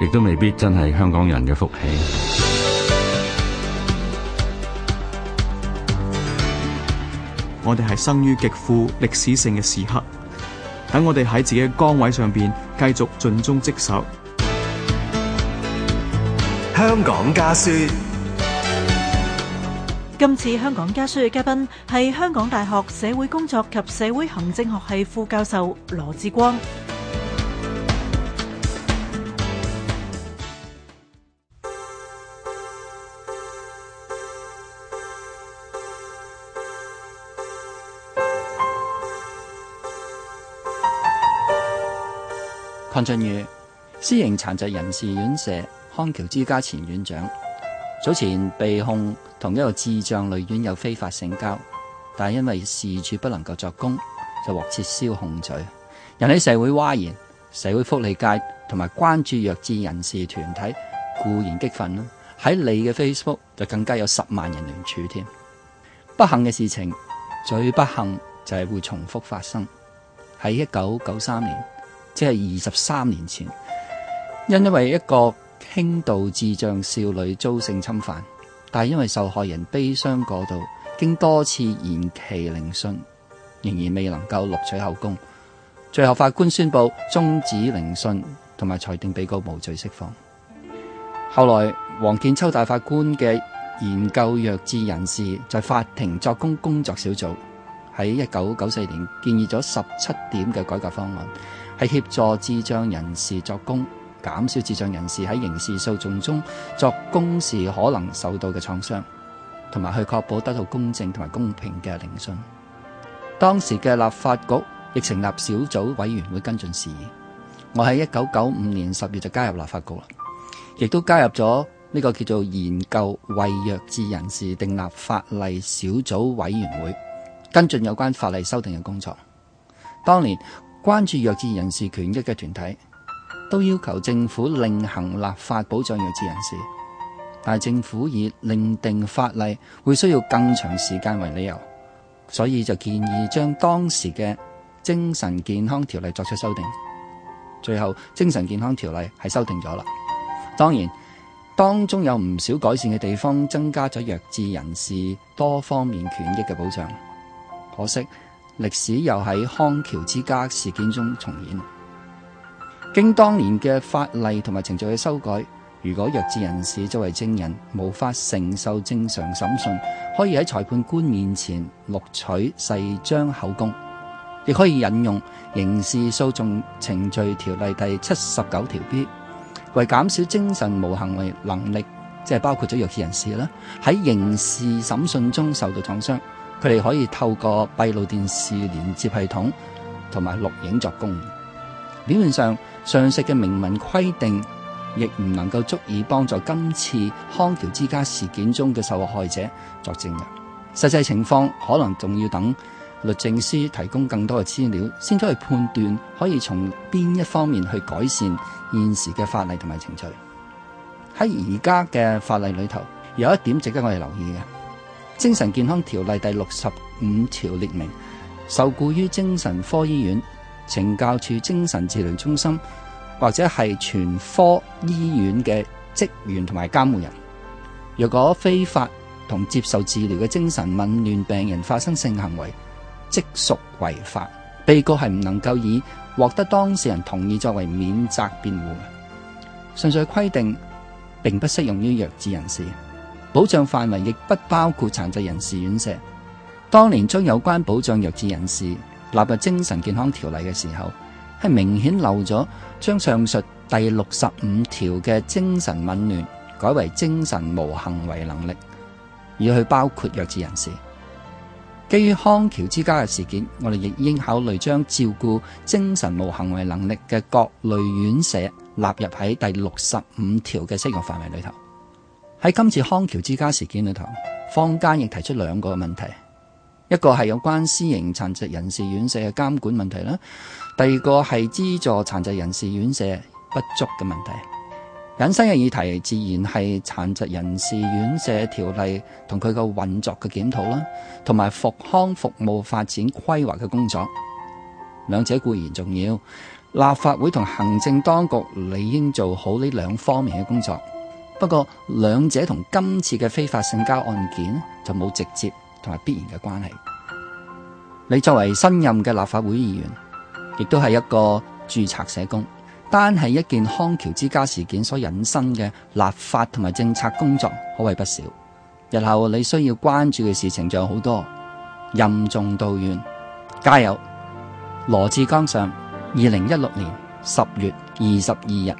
亦都未必真係香港人嘅福氣。我哋係生於極富歷史性嘅時刻，等我哋喺自己嘅崗位上邊繼續盡忠職守。香港家書。今次香港家書嘅嘉賓係香港大學社會工作及社會行政學系副教授羅致光。鄺俊宇，私營殘疾人士院舍康橋之家前院長，早前被控同一個智障女院有非法性交，但係因為事主不能夠作供，就獲撤銷控罪，引起社會嘩然，社會福利界同埋關注弱智人士團體固然激憤啦，喺你嘅 Facebook 就更加有十萬人聯署添。不幸嘅事情，最不幸就係會重複發生。喺一九九三年，即係二十三年前，因因為一個輕度智障少女遭性侵犯，但係因為受害人悲傷過度，經多次延期聆訊，仍然未能夠錄取口供，最後法官宣布終止聆訊同埋裁定被告無罪釋放。後來黃建秋大法官嘅研究弱智人士在法庭作供工作小組。喺一九九四年建議咗十七點嘅改革方案，係協助智障人士作供，減少智障人士喺刑事訴訟中作供時可能受到嘅創傷，同埋去確保得到公正同埋公平嘅聆訊。當時嘅立法局亦成立小組委員會跟進事宜。我喺一九九五年十月就加入立法局啦，亦都加入咗呢個叫做研究為弱智人士訂立法例小組委員會，跟進有關法例修訂嘅工作，當年關注弱智人士權益嘅團體都要求政府另行立法保障弱智人士，但係政府以另定法例會需要更長時間為理由，所以就建議將當時嘅精神健康條例作出修訂。最後，精神健康條例係修訂咗啦。當然，當中有唔少改善嘅地方，增加咗弱智人士多方面權益嘅保障。可惜，歷史又喺康橋之家事件中重演。經當年嘅法例同埋程序嘅修改，如果弱智人士作為證人，無法承受正常審訊，可以喺裁判官面前錄取細張口供，亦可以引用刑事訴訟程序條例第七十九條 B，為減少精神無行為能力，即係包括咗弱智人士啦，喺刑事審訊中受到創傷。佢哋可以透過閉路電視連接系統同埋錄影作供。表面上，上述嘅明文規定亦唔能夠足以幫助今次康橋之家事件中嘅受害者作證。實際情況可能仲要等律政司提供更多嘅資料，先可以判斷可以從邊一方面去改善現時嘅法例同埋程序。喺而家嘅法例裏頭，有一點值得我哋留意嘅。精神健康條例第六十五條列明，受僱於精神科醫院、懲教署精神治療中心或者係全科醫院嘅職員同埋監護人，若果非法同接受治療嘅精神紊亂病人發生性行為，即屬違法。被告係唔能夠以獲得當事人同意作為免責辯護嘅。上述規定並不適用於弱智人士。保障範圍亦不包括殘疾人士院舍。當年將有關保障弱智人士納入精神健康條例嘅時候，係明顯漏咗將上述第六十五條嘅精神紊亂改為精神無行為能力，而去包括弱智人士。基於康橋之家嘅事件，我哋亦應考慮將照顧精神無行為能力嘅各類院舍納入喺第六十五條嘅適用範圍裏頭。喺今次康橋之家事件裏頭，坊間亦提出兩個問題，一個係有關私營殘疾人士院舍嘅監管問題啦，第二個係資助殘疾人士院舍不足嘅問題。引申嘅議題自然係殘疾人士院舍條例同佢個運作嘅檢討啦，同埋復康服務發展規劃嘅工作，兩者固然重要，立法會同行政當局理應做好呢兩方面嘅工作。不過兩者同今次嘅非法性交案件就冇直接同埋必然嘅關係。你作為新任嘅立法會議員，亦都係一個註冊社工，單係一件康橋之家事件所引申嘅立法同埋政策工作，可謂不少。日後你需要關注嘅事情仲有好多，任重道遠，加油！羅致光上，二零一六年十月二十二日。